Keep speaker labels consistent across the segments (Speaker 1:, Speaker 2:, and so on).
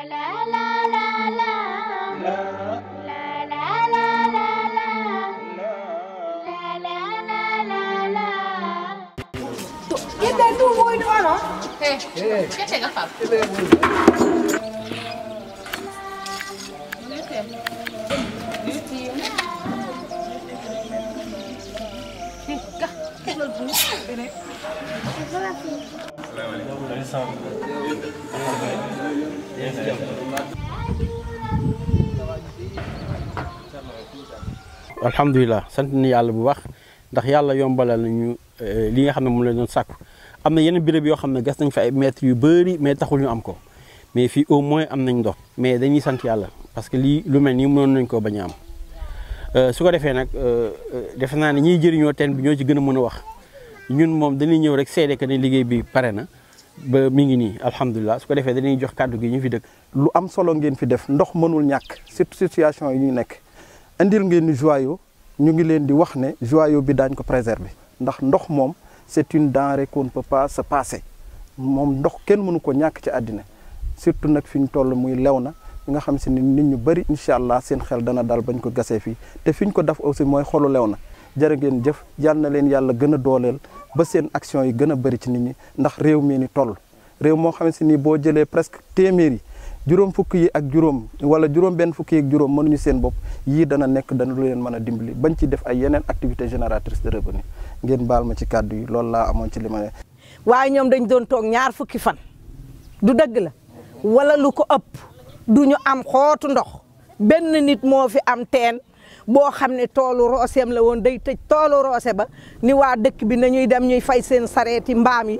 Speaker 1: Este es tu muy
Speaker 2: e n h
Speaker 3: الحمد لله سنتني يا الله بوخ ده يا الله يوم بلال نيو لين خم من ملذن ساق أما ين بيربي يوم خم نجستن في متر يبري متر خلني أمكو مي في أومي أم نيندو مي دني سنتي الله بس كلي لمني ملذن كوبني أمكو Euh, su ko defee nag euh, euh, defe naa ni ñiy jëriñoo teen bi ñoo ci gën a mën a wax ñun moom dañuy ñëw rek seede que ne liggéey bi pare na ba mi ngi nii alhamdulilah su ko defee dañuy jox
Speaker 4: kàddu gi ñu fi dëkk. lu am solo ngeen fi def ndox mënul ñàkk surtout situation yi ñu nekk indil ngeen ni joyau ñu ngi leen di wax ne joyau bi daañ ko préserver ndax ndox moom c'est une denrée qu'on ne peut passer moom ndox kenn mënu ko ñàkk ci àddina surtout nag fi ñu toll muy lew na. nga xam si ne nit ñu bëri incha allah seen xel dana dal bañ ko gasee fii te fi ñu ko def aussi mooy xolu lew na jërë ngeen jëf yal na leen yàlla gën a dooleel ba seen action yi gën a bëri ci nit ñi ndax réew mi ni toll réew moo xam si ni boo jëlee presque téeméeri juróom fukk yi ak juróom wala juróom benn fukk yi ak juróom mënuñu seen bopp yii dana nekk danu leen mën a dimbali bañ ci def ay yeneen activité génératrice de revenu ngeen baal ma ci kàddu yi loolu laa amoon ci li ma
Speaker 1: toog ñaar fukki fan du dëgg du ñu am xootu ndox benn nit moo fi am teen boo xam ne toolu rooseem la woon day tëj toolu rose ba ni waa dëkk bi nañuy dem ñuy fay seen sareeti mbaam yi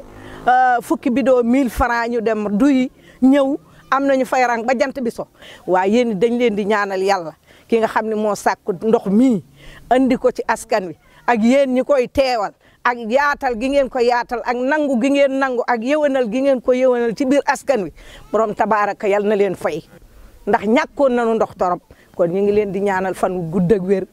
Speaker 1: euh, fukki bidoo 1000 francs ñu dem duy ñëw am nañu fay rang ba jant bi so waaye yéen dañ leen di ñaanal yàlla ki nga xam ne moo sàkk ndox mii andi ko ci askan wi ak yéen ñi koy teewal ak yaatal gi ngeen ko yaatal ak nangu gi ngeen nangu ak yewenal gi ngeen ko yewenal ci biir askan wi borom tabaaraka yal na leen fay ndax ñàkkoon nañu ndox torop kon ñu ngi leen di ñaanal fan wu gudd ak wér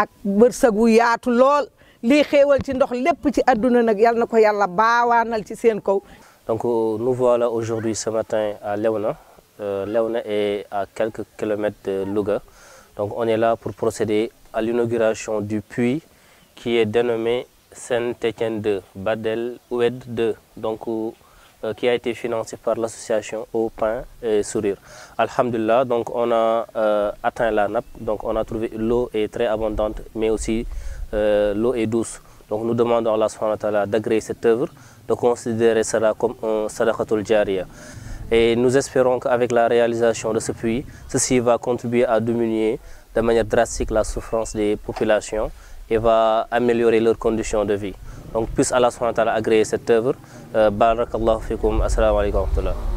Speaker 1: ak bërsëg wu yaatu lool lii xéewal ci ndox lépp ci àdduna nag yal na ko yàlla baawaanal ci seen kaw.
Speaker 2: Donc nous voilà aujourd'hui ce matin à Léona. Euh, Léona est à quelques kilomètres de Louga. Donc on est là pour procéder à l'inauguration du puits qui est dénommé Saint-Étienne 2, Badel Oued 2, donc, euh, qui a été financé par l'association Au Pain et Sourire. Alhamdulillah, donc on a euh, atteint la nappe, donc on a trouvé l'eau est très abondante, mais aussi euh, l'eau est douce. Donc nous demandons à Allah d'agréer cette œuvre, de considérer cela comme un sadaqatul jariya. Et nous espérons qu'avec la réalisation de ce puits, ceci va contribuer à diminuer de manière drastique la souffrance des populations et va améliorer leurs conditions de vie. Donc puisse Allah agréer cette œuvre. Euh, barakallahu fikum, assalamu alaikum wa